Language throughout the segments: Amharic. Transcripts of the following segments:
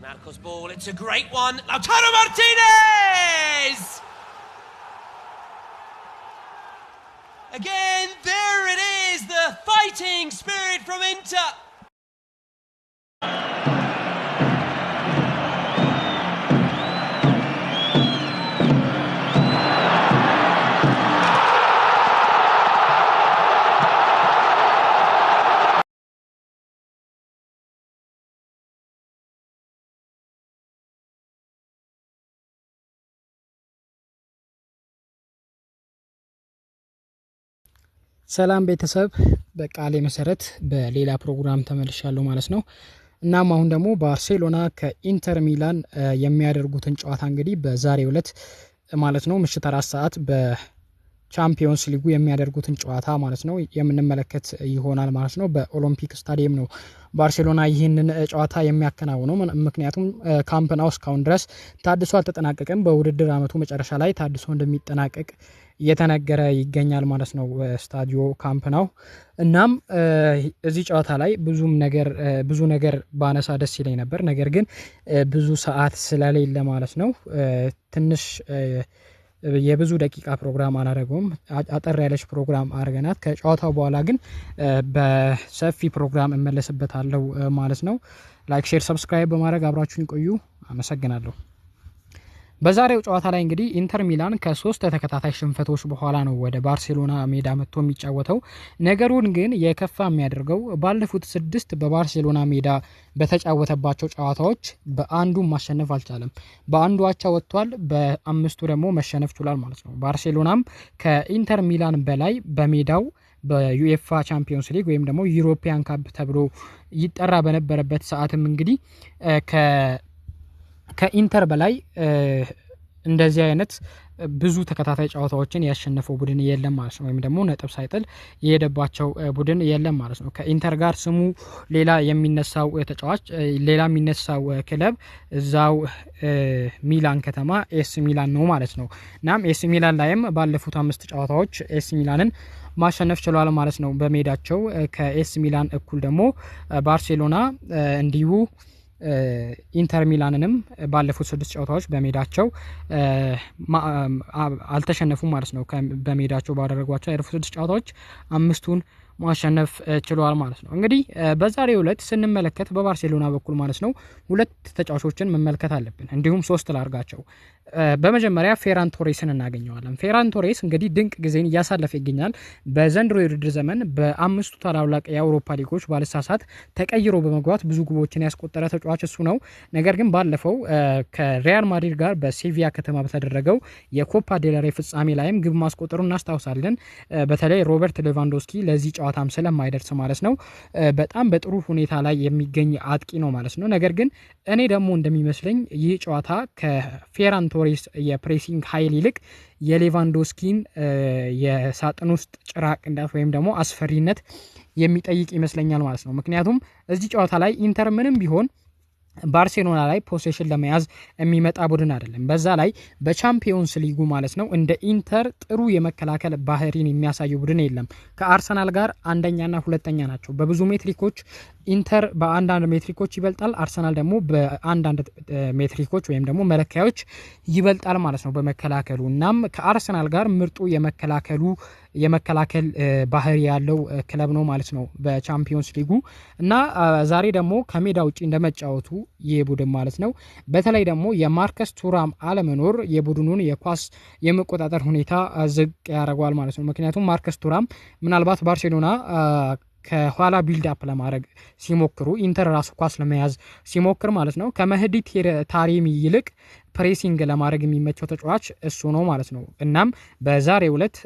Marcos ball. It's a great one. Lautaro Martinez! Again, there it is, the fighting spirit from Inter. ሰላም ቤተሰብ፣ በቃሌ መሰረት በሌላ ፕሮግራም ተመልሻለሁ ማለት ነው። እናም አሁን ደግሞ ባርሴሎና ከኢንተር ሚላን የሚያደርጉትን ጨዋታ እንግዲህ በዛሬው ዕለት ማለት ነው ምሽት አራት ሰዓት በ ቻምፒዮንስ ሊጉ የሚያደርጉትን ጨዋታ ማለት ነው የምንመለከት ይሆናል ማለት ነው። በኦሎምፒክ ስታዲየም ነው ባርሴሎና ይህንን ጨዋታ የሚያከናውነው። ምክንያቱም ካምፕናው እስካሁን ድረስ ታድሶ አልተጠናቀቀም። በውድድር አመቱ መጨረሻ ላይ ታድሶ እንደሚጠናቀቅ እየተነገረ ይገኛል ማለት ነው ስታዲዮ ካምፕናው። እናም እዚህ ጨዋታ ላይ ብዙም ነገር ብዙ ነገር ባነሳ ደስ ይለኝ ነበር፣ ነገር ግን ብዙ ሰዓት ስለሌለ ማለት ነው ትንሽ የብዙ ደቂቃ ፕሮግራም አላደረገውም። አጠር ያለች ፕሮግራም አድርገናት ከጨዋታው በኋላ ግን በሰፊ ፕሮግራም እመለስበታለሁ ማለት ነው። ላይክ፣ ሼር፣ ሰብስክራይብ በማድረግ አብራችሁን ቆዩ። አመሰግናለሁ። በዛሬው ጨዋታ ላይ እንግዲህ ኢንተር ሚላን ከሶስት ተከታታይ ሽንፈቶች በኋላ ነው ወደ ባርሴሎና ሜዳ መጥቶ የሚጫወተው። ነገሩን ግን የከፋ የሚያደርገው ባለፉት ስድስት በባርሴሎና ሜዳ በተጫወተባቸው ጨዋታዎች በአንዱ ማሸነፍ አልቻለም። በአንዱ አቻ ወጥቷል፣ በአምስቱ ደግሞ መሸነፍ ችሏል ማለት ነው። ባርሴሎናም ከኢንተር ሚላን በላይ በሜዳው በዩኤፋ ቻምፒዮንስ ሊግ ወይም ደግሞ ዩሮፒያን ካፕ ተብሎ ይጠራ በነበረበት ሰዓትም እንግዲህ ከኢንተር በላይ እንደዚህ አይነት ብዙ ተከታታይ ጨዋታዎችን ያሸነፈው ቡድን የለም ማለት ነው። ወይም ደግሞ ነጥብ ሳይጥል የሄደባቸው ቡድን የለም ማለት ነው። ከኢንተር ጋር ስሙ ሌላ የሚነሳው ተጫዋች ሌላ የሚነሳው ክለብ እዛው ሚላን ከተማ ኤስ ሚላን ነው ማለት ነው። እናም ኤስ ሚላን ላይም ባለፉት አምስት ጨዋታዎች ኤስ ሚላንን ማሸነፍ ችሏል ማለት ነው በሜዳቸው ከኤስ ሚላን እኩል ደግሞ ባርሴሎና እንዲሁ ኢንተር ሚላንንም ባለፉት ስድስት ጨዋታዎች በሜዳቸው አልተሸነፉም ማለት ነው። በሜዳቸው ባደረጓቸው ያለፉት ስድስት ጨዋታዎች አምስቱን ማሸነፍ ችሏል ማለት ነው። እንግዲህ በዛሬው ዕለት ስንመለከት በባርሴሎና በኩል ማለት ነው ሁለት ተጫዋቾችን መመልከት አለብን። እንዲሁም ሶስት ላርጋቸው። በመጀመሪያ ፌራን ቶሬስን እናገኘዋለን። ፌራን ቶሬስ እንግዲህ ድንቅ ጊዜን እያሳለፈ ይገኛል። በዘንድሮ የውድድር ዘመን በአምስቱ ታላላቅ የአውሮፓ ሊጎች ባለሳሳት ተቀይሮ በመግባት ብዙ ግቦችን ያስቆጠረ ተጫዋች እሱ ነው። ነገር ግን ባለፈው ከሪያል ማድሪድ ጋር በሴቪያ ከተማ በተደረገው የኮፓ ዴላሬ ፍጻሜ ላይም ግብ ማስቆጠሩ እናስታውሳለን። በተለይ ሮበርት ሌቫንዶስኪ ለዚህ ጨዋታ ጨዋታም ስለማይደርስ ማለት ነው በጣም በጥሩ ሁኔታ ላይ የሚገኝ አጥቂ ነው ማለት ነው። ነገር ግን እኔ ደግሞ እንደሚመስለኝ ይህ ጨዋታ ከፌራን ቶሬስ የፕሬሲንግ ኃይል ይልቅ የሌቫንዶስኪን የሳጥን ውስጥ ጭራቅነት ወይም ደግሞ አስፈሪነት የሚጠይቅ ይመስለኛል ማለት ነው። ምክንያቱም እዚህ ጨዋታ ላይ ኢንተር ምንም ቢሆን ባርሴሎና ላይ ፖሴሽን ለመያዝ የሚመጣ ቡድን አይደለም። በዛ ላይ በቻምፒዮንስ ሊጉ ማለት ነው እንደ ኢንተር ጥሩ የመከላከል ባህሪን የሚያሳዩ ቡድን የለም። ከአርሰናል ጋር አንደኛና ሁለተኛ ናቸው። በብዙ ሜትሪኮች ኢንተር በአንዳንድ ሜትሪኮች ይበልጣል፣ አርሰናል ደግሞ በአንዳንድ ሜትሪኮች ወይም ደግሞ መለኪያዎች ይበልጣል ማለት ነው በመከላከሉ። እናም ከአርሰናል ጋር ምርጡ የመከላከሉ የመከላከል ባህሪ ያለው ክለብ ነው ማለት ነው በቻምፒዮንስ ሊጉ እና ዛሬ ደግሞ ከሜዳ ውጭ እንደመጫወቱ ይህ ቡድን ማለት ነው በተለይ ደግሞ የማርከስ ቱራም አለመኖር የቡድኑን የኳስ የመቆጣጠር ሁኔታ ዝቅ ያደርገዋል ማለት ነው። ምክንያቱም ማርከስ ቱራም ምናልባት ባርሴሎና ከኋላ ቢልድ አፕ ለማድረግ ሲሞክሩ ኢንተር ራሱ ኳስ ለመያዝ ሲሞክር ማለት ነው ከመህዲ ታሪሚ ይልቅ ፕሬሲንግ ለማድረግ የሚመቸው ተጫዋች እሱ ነው ማለት ነው። እናም በዛሬው ዕለት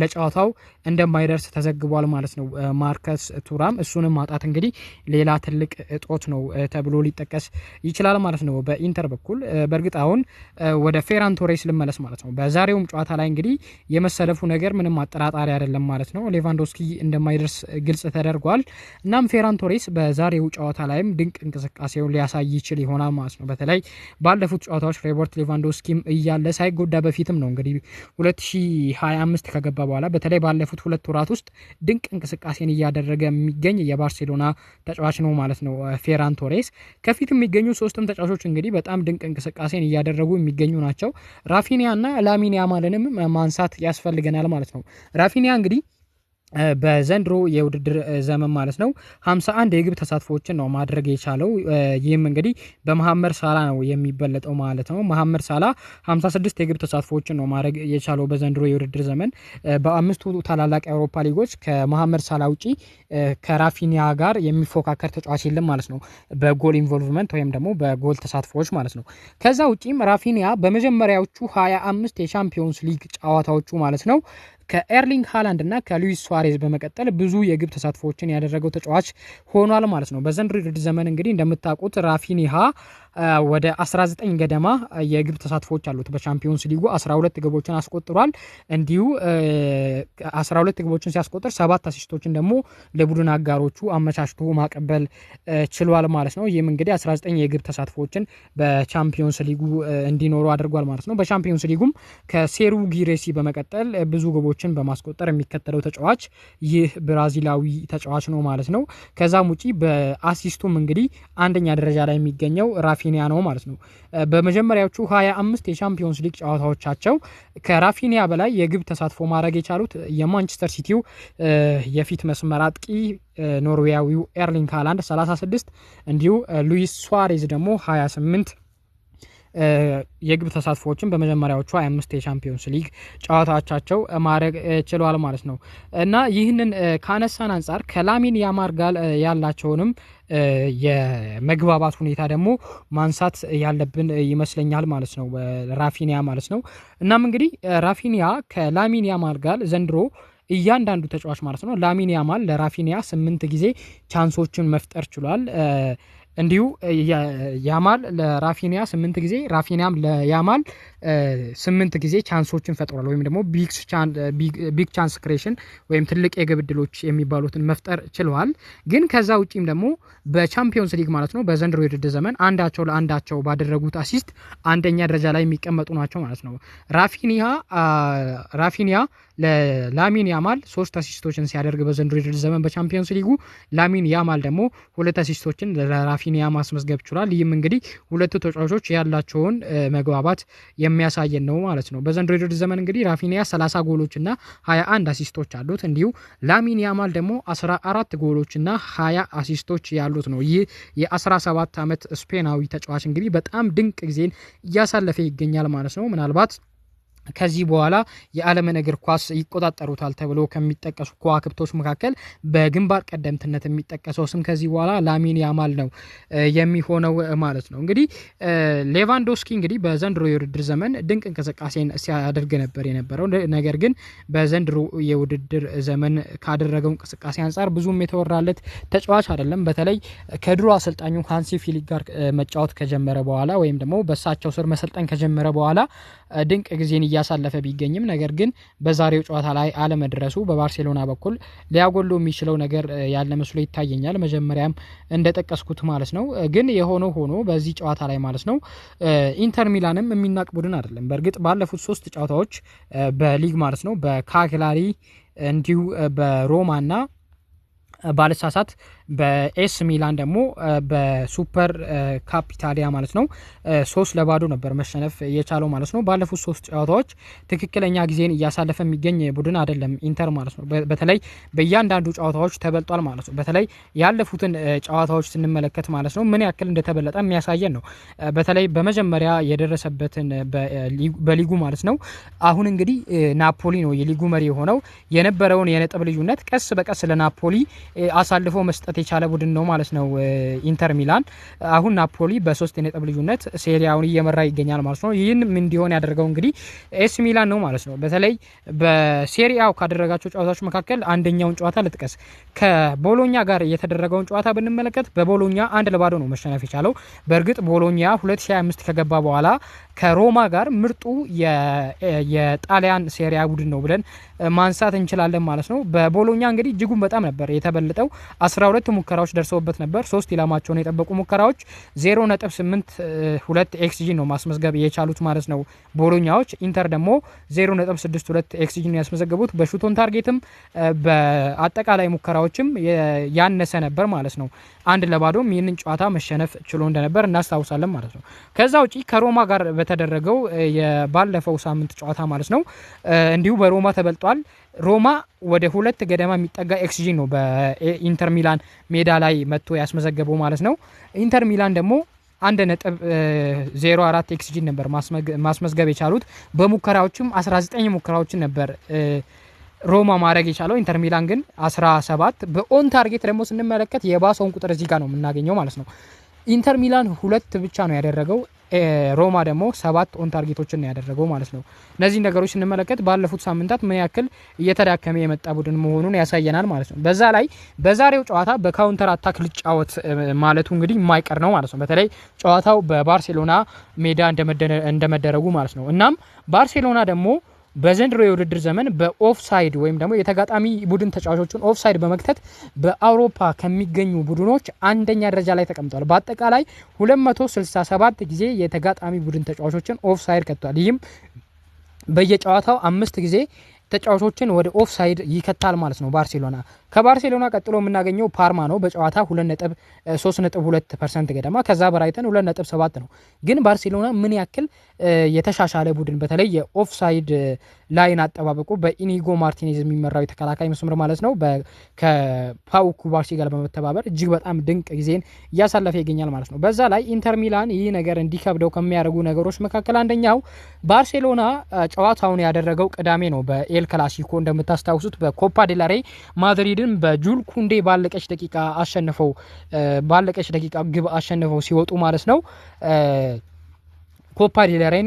ለጨዋታው እንደማይደርስ ተዘግቧል ማለት ነው። ማርከስ ቱራም እሱንም ማጣት እንግዲህ ሌላ ትልቅ እጦት ነው ተብሎ ሊጠቀስ ይችላል ማለት ነው። በኢንተር በኩል በእርግጥ አሁን ወደ ፌራን ቶሬስ ልመለስ ማለት ነው። በዛሬውም ጨዋታ ላይ እንግዲህ የመሰለፉ ነገር ምንም አጠራጣሪ አይደለም ማለት ነው። ሌቫንዶስኪ እንደማይደርስ ግልጽ ተደርጓል። እናም ፌራን ቶሬስ በዛሬው ጨዋታ ላይም ድንቅ እንቅስቃሴውን ሊያሳይ ይችል ይሆናል ማለት ነው። በተለይ ባለፉት ጨዋታዎች ሮበርት ሌቫንዶስኪም እያለ ሳይጎዳ በፊትም ነው እንግዲህ 2025 ከገባ በኋላ በተለይ ባለፉት ሁለት ወራት ውስጥ ድንቅ እንቅስቃሴን እያደረገ የሚገኝ የባርሴሎና ተጫዋች ነው ማለት ነው ፌራን ቶሬስ። ከፊት የሚገኙ ሶስትም ተጫዋቾች እንግዲህ በጣም ድንቅ እንቅስቃሴን እያደረጉ የሚገኙ ናቸው። ራፊኒያ እና ላሚኒያ ማለንም ማንሳት ያስፈልገናል ማለት ነው። ራፊኒያ እንግዲህ በዘንድሮ የውድድር ዘመን ማለት ነው 51 የግብ ተሳትፎዎችን ነው ማድረግ የቻለው። ይህም እንግዲህ በመሐመድ ሳላ ነው የሚበለጠው ማለት ነው። መሐመድ ሳላ 56 የግብ ተሳትፎዎችን ነው ማድረግ የቻለው በዘንድሮ የውድድር ዘመን። በአምስቱ ታላላቅ የአውሮፓ ሊጎች ከመሐመድ ሳላ ውጪ ከራፊኒያ ጋር የሚፎካከር ተጫዋች የለም ማለት ነው፣ በጎል ኢንቮልቭመንት ወይም ደግሞ በጎል ተሳትፎዎች ማለት ነው። ከዛ ውጪም ራፊኒያ በመጀመሪያዎቹ 25 የቻምፒዮንስ ሊግ ጨዋታዎቹ ማለት ነው ከኤርሊንግ ሃላንድ እና ከሉዊስ ሱዋሬዝ በመቀጠል ብዙ የግብ ተሳትፎዎችን ያደረገው ተጫዋች ሆኗል ማለት ነው። በዘንድሮ ዘመን እንግዲህ እንደምታውቁት ራፊኒሃ ወደ 19 ገደማ የግብ ተሳትፎዎች አሉት። በቻምፒዮንስ ሊጉ 12 ግቦችን አስቆጥሯል። እንዲሁ 12 ግቦችን ሲያስቆጥር ሰባት አሲስቶችን ደግሞ ለቡድን አጋሮቹ አመቻችቶ ማቀበል ችሏል ማለት ነው። ይህም እንግዲህ 19 የግብ ተሳትፎዎችን በቻምፒዮንስ ሊጉ እንዲኖሩ አድርጓል ማለት ነው። በቻምፒዮንስ ሊጉም ከሴሩ ጊሬሲ በመቀጠል ብዙ ግቦችን በማስቆጠር የሚከተለው ተጫዋች ይህ ብራዚላዊ ተጫዋች ነው ማለት ነው። ከዛም ውጪ በአሲስቱም እንግዲህ አንደኛ ደረጃ ላይ የሚገኘው ራፊ ራፊኒያ ነው ማለት ነው። በመጀመሪያዎቹ 25 የቻምፒዮንስ ሊግ ጨዋታዎቻቸው ከራፊኒያ በላይ የግብ ተሳትፎ ማድረግ የቻሉት የማንቸስተር ሲቲው የፊት መስመር አጥቂ ኖርዌያዊው ኤርሊንግ ሃላንድ 36 እንዲሁ ሉዊስ ሱዋሬዝ ደግሞ 28 የግብ ተሳትፎዎችን በመጀመሪያዎቹ 25 የቻምፒዮንስ ሊግ ጨዋታዎቻቸው ማድረግ ችሏል ማለት ነው እና ይህንን ካነሳን አንጻር ከላሚን ያማር ጋር ያላቸውንም የመግባባት ሁኔታ ደግሞ ማንሳት ያለብን ይመስለኛል ማለት ነው። ራፊኒያ ማለት ነው። እናም እንግዲህ ራፊኒያ ከላሚን ያማል ጋር ዘንድሮ እያንዳንዱ ተጫዋች ማለት ነው ላሚን ያማል ለራፊኒያ ስምንት ጊዜ ቻንሶችን መፍጠር ችሏል። እንዲሁ ያማል ለራፊኒያ ስምንት ጊዜ ራፊኒያም ለያማል ስምንት ጊዜ ቻንሶችን ፈጥሯል። ወይም ደግሞ ቢግ ቻንስ ክሬሽን ወይም ትልቅ የግብ የሚባሉትን መፍጠር ችለዋል። ግን ከዛ ውጪም ደግሞ በቻምፒዮንስ ሊግ ማለት ነው በዘንድሮ የውድድር ዘመን አንዳቸው ለአንዳቸው ባደረጉት አሲስት አንደኛ ደረጃ ላይ የሚቀመጡ ናቸው ማለት ነው። ራፊኒያ ራፊኒያ ለላሚን ያማል ሶስት አሲስቶችን ሲያደርግ በዘንድሮ የውድድር ዘመን በቻምፒዮንስ ሊጉ ላሚን ያማል ደግሞ ሁለት አሲስቶችን ለራፊ ራፊኒያ ማስመዝገብ ችሏል። ይህም እንግዲህ ሁለቱ ተጫዋቾች ያላቸውን መግባባት የሚያሳየን ነው ማለት ነው። በዘንድሮ የውድድር ዘመን እንግዲህ ራፊኒያ 30 ጎሎችና 21 አሲስቶች አሉት። እንዲሁ ላሚን ያማል ደግሞ 14 ጎሎችና 20 አሲስቶች ያሉት ነው። ይህ የ17 ዓመት ስፔናዊ ተጫዋች እንግዲህ በጣም ድንቅ ጊዜን እያሳለፈ ይገኛል ማለት ነው ምናልባት ከዚህ በኋላ የዓለምን እግር ኳስ ይቆጣጠሩታል ተብሎ ከሚጠቀሱ ከዋክብቶች መካከል በግንባር ቀደምትነት የሚጠቀሰው ስም ከዚህ በኋላ ላሚን ያማል ነው የሚሆነው ማለት ነው። እንግዲህ ሌቫንዶስኪ እንግዲህ በዘንድሮ የውድድር ዘመን ድንቅ እንቅስቃሴን ሲያደርግ ነበር የነበረው። ነገር ግን በዘንድሮ የውድድር ዘመን ካደረገው እንቅስቃሴ አንጻር ብዙም የተወራለት ተጫዋች አይደለም። በተለይ ከድሮ አሰልጣኙ ሃንሲ ፊሊክ ጋር መጫወት ከጀመረ በኋላ ወይም ደግሞ በእሳቸው ስር መሰልጠን ከጀመረ በኋላ ድንቅ ጊዜን እያ እያሳለፈ ቢገኝም ነገር ግን በዛሬው ጨዋታ ላይ አለመድረሱ በባርሴሎና በኩል ሊያጎሉ የሚችለው ነገር ያለ መስሎ ይታየኛል። መጀመሪያም እንደጠቀስኩት ማለት ነው። ግን የሆነ ሆኖ በዚህ ጨዋታ ላይ ማለት ነው ኢንተር ሚላንም የሚናቅ ቡድን አይደለም። በእርግጥ ባለፉት ሶስት ጨዋታዎች በሊግ ማለት ነው በካግላሪ እንዲሁ በሮማና ባለሳሳት በኤስ ሚላን ደግሞ በሱፐር ካፕ ማለት ነው ሶስት ለባዶ ነበር መሸነፍ የቻለው ማለት ነው። ባለፉት ሶስት ጨዋታዎች ትክክለኛ ጊዜን እያሳለፈ የሚገኝ ቡድን አይደለም ኢንተር ማለት ነው። በተለይ በእያንዳንዱ ጨዋታዎች ተበልጧል ማለት ነው። በተለይ ያለፉትን ጨዋታዎች ስንመለከት ማለት ነው ምን ያክል እንደተበለጠ የሚያሳየን ነው። በተለይ በመጀመሪያ የደረሰበትን በሊጉ ማለት ነው። አሁን እንግዲህ ናፖሊ ነው የሊጉ መሪ የሆነው የነበረውን የነጥብ ልዩነት ቀስ በቀስ ለናፖሊ አሳልፎ መስጠት የቻለ ቡድን ነው ማለት ነው ኢንተር ሚላን። አሁን ናፖሊ በሶስት የነጥብ ልዩነት ሴሪያውን እየመራ ይገኛል ማለት ነው። ይህን እንዲሆን ያደርገው እንግዲህ ኤስ ሚላን ነው ማለት ነው። በተለይ በሴሪያው ካደረጋቸው ጨዋታዎች መካከል አንደኛውን ጨዋታ ልጥቀስ። ከቦሎኛ ጋር የተደረገውን ጨዋታ ብንመለከት በቦሎኛ አንድ ለባዶ ነው መሸነፍ የቻለው። በእርግጥ ቦሎኛ 2025 ከገባ በኋላ ከሮማ ጋር ምርጡ የጣሊያን ሴሪያ ቡድን ነው ብለን ማንሳት እንችላለን ማለት ነው። በቦሎኛ እንግዲህ እጅጉን በጣም ነበር የተበለጠው 12 ሁለት ሙከራዎች ደርሰውበት ነበር። ሶስት ኢላማቸውን የጠበቁ ሙከራዎች ዜሮ ነጥብ ስምንት ሁለት ኤክስጂ ነው ማስመዝገብ የቻሉት ማለት ነው ቦሎኛዎች። ኢንተር ደግሞ ዜሮ ነጥብ ስድስት ሁለት ኤክስጂ ነው ያስመዘገቡት። በሹቶን ታርጌትም በአጠቃላይ ሙከራዎችም ያነሰ ነበር ማለት ነው። አንድ ለባዶም ይህንን ጨዋታ መሸነፍ ችሎ እንደነበር እናስታውሳለን ማለት ነው። ከዛ ውጪ ከሮማ ጋር በተደረገው የባለፈው ሳምንት ጨዋታ ማለት ነው እንዲሁ በሮማ ተበልጧል። ሮማ ወደ ሁለት ገደማ የሚጠጋ ኤክስጂ ነው በኢንተር ሚላን ሜዳ ላይ መጥቶ ያስመዘገበው ማለት ነው። ኢንተር ሚላን ደግሞ አንድ ነጥብ 04 ኤክስጂ ነበር ማስመዝገብ የቻሉት በሙከራዎችም 19 ሙከራዎችን ነበር ሮማ ማድረግ የቻለው ኢንተር ሚላን ግን 17 በኦን ታርጌት ደግሞ ስንመለከት የባሰውን ቁጥር እዚህ ጋር ነው የምናገኘው ማለት ነው። ኢንተር ሚላን ሁለት ብቻ ነው ያደረገው፣ ሮማ ደግሞ ሰባት ኦን ታርጌቶችን ነው ያደረገው ማለት ነው። እነዚህ ነገሮች ስንመለከት ባለፉት ሳምንታት ምን ያክል እየተዳከመ የመጣ ቡድን መሆኑን ያሳየናል ማለት ነው። በዛ ላይ በዛሬው ጨዋታ በካውንተር አታክ ልጫወት ማለቱ እንግዲህ የማይቀር ነው ማለት ነው። በተለይ ጨዋታው በባርሴሎና ሜዳ እንደመደረጉ ማለት ነው። እናም ባርሴሎና ደግሞ በዘንድሮ የውድድር ዘመን በኦፍሳይድ ወይም ደግሞ የተጋጣሚ ቡድን ተጫዋቾቹን ኦፍሳይድ በመክተት በአውሮፓ ከሚገኙ ቡድኖች አንደኛ ደረጃ ላይ ተቀምጧል። በአጠቃላይ 267 ጊዜ የተጋጣሚ ቡድን ተጫዋቾችን ኦፍሳይድ ከቷል። ይህም በየጨዋታው አምስት ጊዜ ተጫዋቾችን ወደ ኦፍሳይድ ይከታል ማለት ነው ባርሴሎና ከባርሴሎና ቀጥሎ የምናገኘው ፓርማ ነው። በጨዋታ 3.2 ፐርሰንት ገደማ ከዛ በራይተን 2.7 ነው። ግን ባርሴሎና ምን ያክል የተሻሻለ ቡድን በተለይ የኦፍሳይድ ላይን አጠባበቁ በኢኒጎ ማርቲኔዝ የሚመራው የተከላካይ መስመር ማለት ነው ከፓው ኩባርሲ ጋር በመተባበር እጅግ በጣም ድንቅ ጊዜን እያሳለፈ ይገኛል ማለት ነው። በዛ ላይ ኢንተር ሚላን ይህ ነገር እንዲከብደው ከሚያደርጉ ነገሮች መካከል አንደኛው ባርሴሎና ጨዋታውን ያደረገው ቅዳሜ ነው በኤል ክላሲኮ እንደምታስታውሱት በኮፓ ዴላሬ ማድሪድ ዩናይትድን በጁል ኩንዴ ባለቀች ደቂቃ አሸንፈው ባለቀች ደቂቃ ግብ አሸንፈው ሲወጡ ማለት ነው ኮፓ ዲለሬን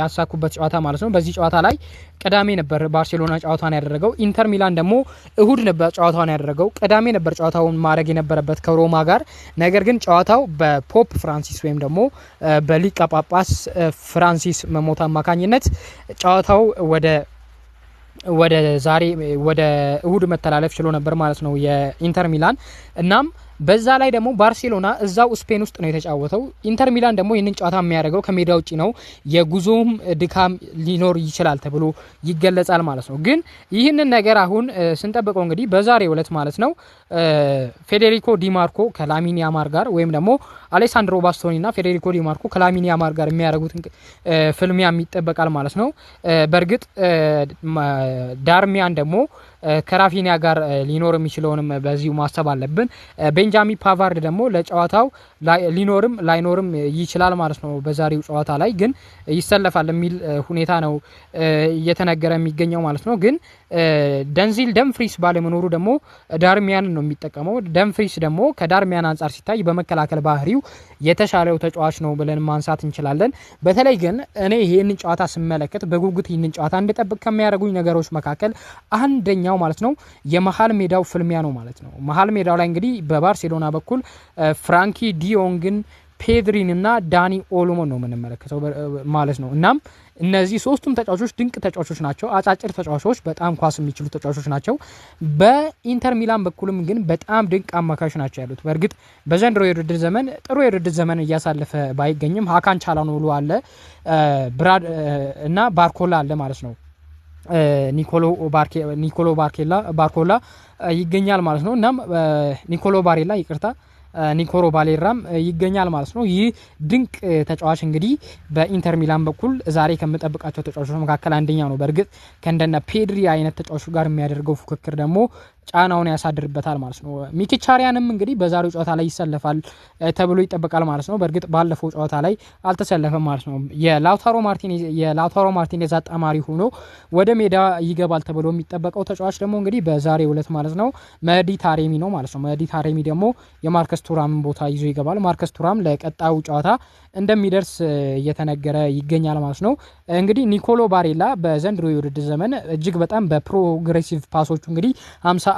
ያሳኩበት ጨዋታ ማለት ነው። በዚህ ጨዋታ ላይ ቅዳሜ ነበር ባርሴሎና ጨዋታን ያደረገው። ኢንተር ሚላን ደግሞ እሁድ ነበር ጨዋታን ያደረገው። ቅዳሜ ነበር ጨዋታውን ማድረግ የነበረበት ከሮማ ጋር። ነገር ግን ጨዋታው በፖፕ ፍራንሲስ ወይም ደግሞ በሊቀ ጳጳስ ፍራንሲስ መሞት አማካኝነት ጨዋታው ወደ ወደ ዛሬ ወደ እሁድ መተላለፍ ችሎ ነበር ማለት ነው የኢንተር ሚላን እናም በዛ ላይ ደግሞ ባርሴሎና እዛው ስፔን ውስጥ ነው የተጫወተው። ኢንተር ሚላን ደግሞ ይህንን ጨዋታ የሚያደርገው ከሜዳ ውጭ ነው። የጉዞም ድካም ሊኖር ይችላል ተብሎ ይገለጻል ማለት ነው። ግን ይህንን ነገር አሁን ስንጠብቀው እንግዲህ በዛሬው ዕለት ማለት ነው ፌዴሪኮ ዲማርኮ ከላሚኒ ያማል ጋር ወይም ደግሞ አሌሳንድሮ ባስቶኒና ፌዴሪኮ ዲማርኮ ከላሚኒ ጋር የሚያደርጉት ፍልሚያም ይጠበቃል ማለት ነው። በእርግጥ ዳርሚያን ደግሞ ከራፊኒያ ጋር ሊኖር የሚችለውንም በዚሁ ማሰብ አለብን። ቤንጃሚን ፓቫርድ ደግሞ ለጨዋታው ሊኖርም ላይኖርም ይችላል ማለት ነው። በዛሬው ጨዋታ ላይ ግን ይሰለፋል የሚል ሁኔታ ነው እየተነገረ የሚገኘው ማለት ነው። ግን ደንዚል ደምፍሪስ ባለመኖሩ ደግሞ ዳርሚያንን ነው የሚጠቀመው። ደምፍሪስ ደግሞ ከዳርሚያን አንጻር ሲታይ በመከላከል ባህሪው የተሻለው ተጫዋች ነው ብለን ማንሳት እንችላለን። በተለይ ግን እኔ ይህንን ጨዋታ ስመለከት በጉጉት ይህንን ጨዋታ እንድጠብቅ ከሚያደርጉኝ ነገሮች መካከል አንደኛው ማለት ነው የመሀል ሜዳው ፍልሚያ ነው ማለት ነው። መሀል ሜዳው ላይ እንግዲህ በባርሴሎና በኩል ፍራንኪ ዲ ዲዮንግን ፔድሪን እና ዳኒ ኦሎሞን ነው የምንመለከተው ማለት ነው። እናም እነዚህ ሶስቱም ተጫዋቾች ድንቅ ተጫዋቾች ናቸው። አጫጭር ተጫዋቾች፣ በጣም ኳስ የሚችሉ ተጫዋቾች ናቸው። በኢንተር ሚላን በኩልም ግን በጣም ድንቅ አማካዮች ናቸው ያሉት። በእርግጥ በዘንድሮ የውድድር ዘመን ጥሩ የውድድር ዘመን እያሳለፈ ባይገኝም ሀካን ቻላኖሉ አለ ብራድ እና ባርኮላ አለ ማለት ነው። ኒኮሎ ባርኬላ ባርኮላ ይገኛል ማለት ነው። እናም ኒኮሎ ባሬላ ይቅርታ ኒኮሮ ባሌራም ይገኛል ማለት ነው። ይህ ድንቅ ተጫዋች እንግዲህ በኢንተር ሚላን በኩል ዛሬ ከምጠብቃቸው ተጫዋቾች መካከል አንደኛ ነው። በእርግጥ ከእንደነ ፔድሪ አይነት ተጫዋቹ ጋር የሚያደርገው ፉክክር ደግሞ ጫናውን ያሳድርበታል ማለት ነው። ሚኪቻሪያንም እንግዲህ በዛሬው ጨዋታ ላይ ይሰለፋል ተብሎ ይጠበቃል ማለት ነው። በእርግጥ ባለፈው ጨዋታ ላይ አልተሰለፈም ማለት ነው። የላውታሮ ማርቲኔዝ አጣማሪ ሆኖ ወደ ሜዳ ይገባል ተብሎ የሚጠበቀው ተጫዋች ደግሞ እንግዲህ በዛሬው ዕለት ማለት ነው መዲ ታሬሚ ነው ማለት ነው። መዲ ታሬሚ ደግሞ የማርከስ ቱራምን ቦታ ይዞ ይገባል። ማርከስ ቱራም ለቀጣዩ ጨዋታ እንደሚደርስ እየተነገረ ይገኛል ማለት ነው። እንግዲህ ኒኮሎ ባሬላ በዘንድሮ የውድድር ዘመን እጅግ በጣም በፕሮግሬሲቭ ፓሶቹ እንግዲህ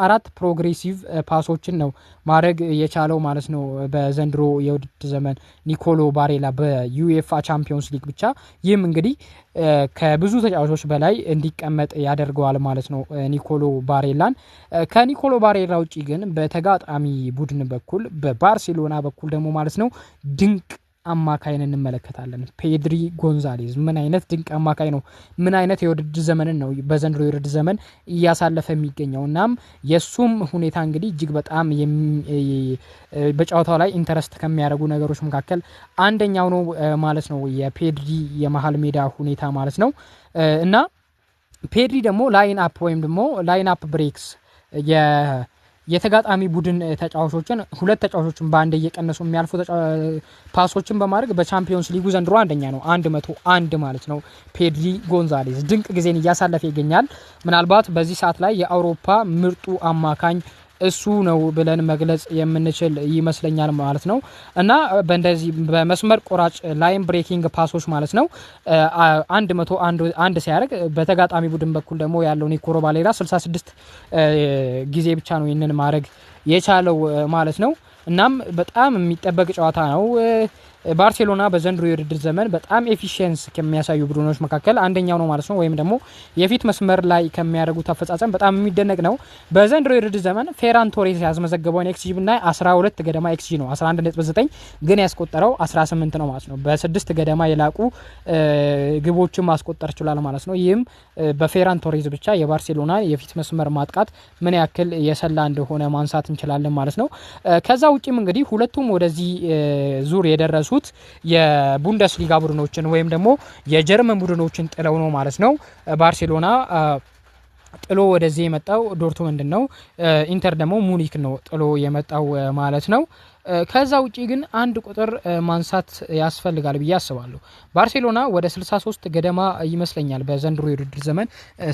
አራት ፕሮግሬሲቭ ፓሶችን ነው ማድረግ የቻለው ማለት ነው። በዘንድሮ የውድድር ዘመን ኒኮሎ ባሬላ በዩኤፋ ቻምፒዮንስ ሊግ ብቻ። ይህም እንግዲህ ከብዙ ተጫዋቾች በላይ እንዲቀመጥ ያደርገዋል ማለት ነው ኒኮሎ ባሬላን። ከኒኮሎ ባሬላ ውጪ ግን በተጋጣሚ ቡድን በኩል በባርሴሎና በኩል ደግሞ ማለት ነው ድንቅ አማካይን እንመለከታለን። ፔድሪ ጎንዛሌዝ ምን አይነት ድንቅ አማካይ ነው! ምን አይነት የውድድር ዘመንን ነው በዘንድሮ የውድድር ዘመን እያሳለፈ የሚገኘው። እናም የእሱም ሁኔታ እንግዲህ እጅግ በጣም በጨዋታው ላይ ኢንተረስት ከሚያደርጉ ነገሮች መካከል አንደኛው ነው ማለት ነው፣ የፔድሪ የመሀል ሜዳ ሁኔታ ማለት ነው እና ፔድሪ ደግሞ ላይን አፕ ወይም ደግሞ ላይን አፕ ብሬክስ የተጋጣሚ ቡድን ተጫዋቾችን ሁለት ተጫዋቾችን በአንድ እየቀነሱ የሚያልፉ ፓሶችን በማድረግ በቻምፒዮንስ ሊጉ ዘንድሮ አንደኛ ነው። አንድ መቶ አንድ ማለት ነው። ፔድሪ ጎንዛሌዝ ድንቅ ጊዜን እያሳለፈ ይገኛል። ምናልባት በዚህ ሰዓት ላይ የአውሮፓ ምርጡ አማካኝ እሱ ነው ብለን መግለጽ የምንችል ይመስለኛል ማለት ነው እና በእንደዚህ በመስመር ቆራጭ ላይን ብሬኪንግ ፓሶች ማለት ነው አንድ መቶ አንድ ሲያደርግ በተጋጣሚ ቡድን በኩል ደግሞ ያለው ኒኮሮ 6 66 ጊዜ ብቻ ነው ይህንን ማድረግ የቻለው ማለት ነው። እናም በጣም የሚጠበቅ ጨዋታ ነው። ባርሴሎና በዘንድሮ የውድድር ዘመን በጣም ኤፊሽንስ ከሚያሳዩ ቡድኖች መካከል አንደኛው ነው ማለት ነው። ወይም ደግሞ የፊት መስመር ላይ ከሚያደርጉት አፈጻጸም በጣም የሚደነቅ ነው። በዘንድሮ የውድድር ዘመን ፌራን ቶሬስ ያስመዘገበውን ኤክስጂ ብናይ 12 ገደማ ኤክስጂ ነው። 11.9 ግን ያስቆጠረው 18 ነው ማለት ነው። በስድስት ገደማ የላቁ ግቦችን ማስቆጠር ችሏል ማለት ነው። ይህም በፌራን ቶሬዝ ብቻ የባርሴሎና የፊት መስመር ማጥቃት ምን ያክል የሰላ እንደሆነ ማንሳት እንችላለን ማለት ነው። ከዛ ውጭም እንግዲህ ሁለቱም ወደዚህ ዙር የደረሱ የደረሱት የቡንደስሊጋ ቡድኖችን ወይም ደግሞ የጀርመን ቡድኖችን ጥለው ነው ማለት ነው። ባርሴሎና ጥሎ ወደዚህ የመጣው ዶርትመንድ ነው። ኢንተር ደግሞ ሙኒክ ነው ጥሎ የመጣው ማለት ነው። ከዛ ውጪ ግን አንድ ቁጥር ማንሳት ያስፈልጋል ብዬ አስባለሁ። ባርሴሎና ወደ 63 ገደማ ይመስለኛል በዘንድሮ የውድድር ዘመን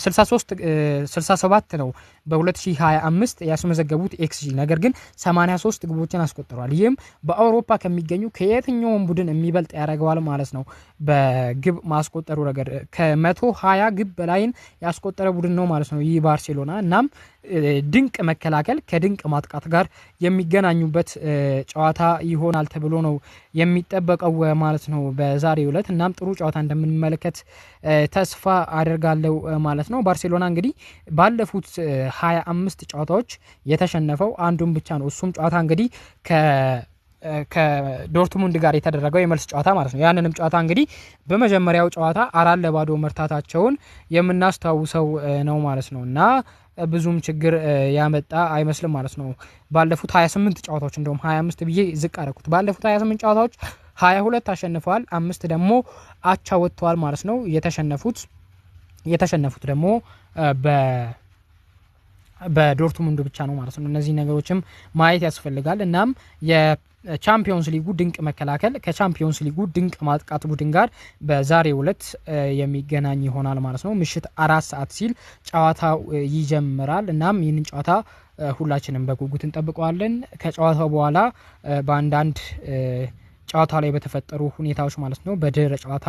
63 67 ነው በ2025 ያስመዘገቡት ኤክስጂ፣ ነገር ግን 83 ግቦችን አስቆጥረዋል። ይህም በአውሮፓ ከሚገኙ ከየትኛውም ቡድን የሚበልጥ ያደርገዋል ማለት ነው። በግብ ማስቆጠሩ ነገር ከ120 ግብ በላይን ያስቆጠረ ቡድን ነው ማለት ነው ይህ ባርሴሎና እናም ድንቅ መከላከል ከድንቅ ማጥቃት ጋር የሚገናኙበት ጨዋታ ይሆናል ተብሎ ነው የሚጠበቀው ማለት ነው በዛሬው ዕለት። እናም ጥሩ ጨዋታ እንደምንመለከት ተስፋ አደርጋለሁ ማለት ነው። ባርሴሎና እንግዲህ ባለፉት ሀያ አምስት ጨዋታዎች የተሸነፈው አንዱን ብቻ ነው። እሱም ጨዋታ እንግዲህ ከ ከዶርትሙንድ ጋር የተደረገው የመልስ ጨዋታ ማለት ነው። ያንንም ጨዋታ እንግዲህ በመጀመሪያው ጨዋታ አራት ለባዶ መርታታቸውን የምናስታውሰው ነው ማለት ነው እና ብዙም ችግር ያመጣ አይመስልም ማለት ነው። ባለፉት 28 ጨዋታዎች እንደውም 25 ብዬ ዝቅ አረኩት። ባለፉት 28 ጨዋታዎች 22 አሸንፈዋል፣ አምስት ደግሞ አቻ ወጥተዋል ማለት ነው። የተሸነፉት የተሸነፉት ደግሞ በ በዶርትሙንድ ብቻ ነው ማለት ነው። እነዚህ ነገሮችም ማየት ያስፈልጋል። እናም ቻምፒዮንስ ሊጉ ድንቅ መከላከል ከቻምፒዮንስ ሊጉ ድንቅ ማጥቃት ቡድን ጋር በዛሬው ዕለት የሚገናኝ ይሆናል ማለት ነው። ምሽት አራት ሰዓት ሲል ጨዋታው ይጀምራል። እናም ይህንን ጨዋታ ሁላችንም በጉጉት እንጠብቀዋለን። ከጨዋታው በኋላ በአንዳንድ ጨዋታ ላይ በተፈጠሩ ሁኔታዎች ማለት ነው በድረ ጨዋታ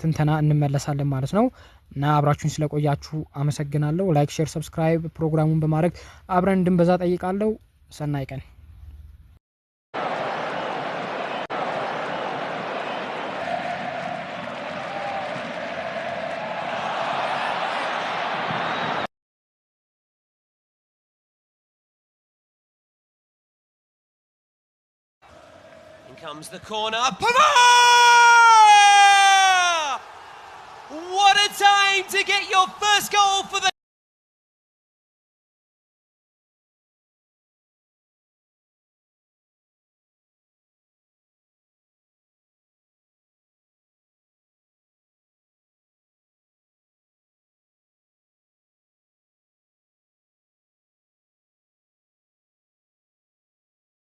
ትንተና እንመለሳለን ማለት ነው እና አብራችሁን ስለቆያችሁ አመሰግናለሁ። ላይክ፣ ሼር፣ ሰብስክራይብ ፕሮግራሙን በማድረግ አብረን እንድንበዛ ጠይቃለሁ። ሰናይ ቀን In comes the corner. Pavard! What a time to get your first goal for the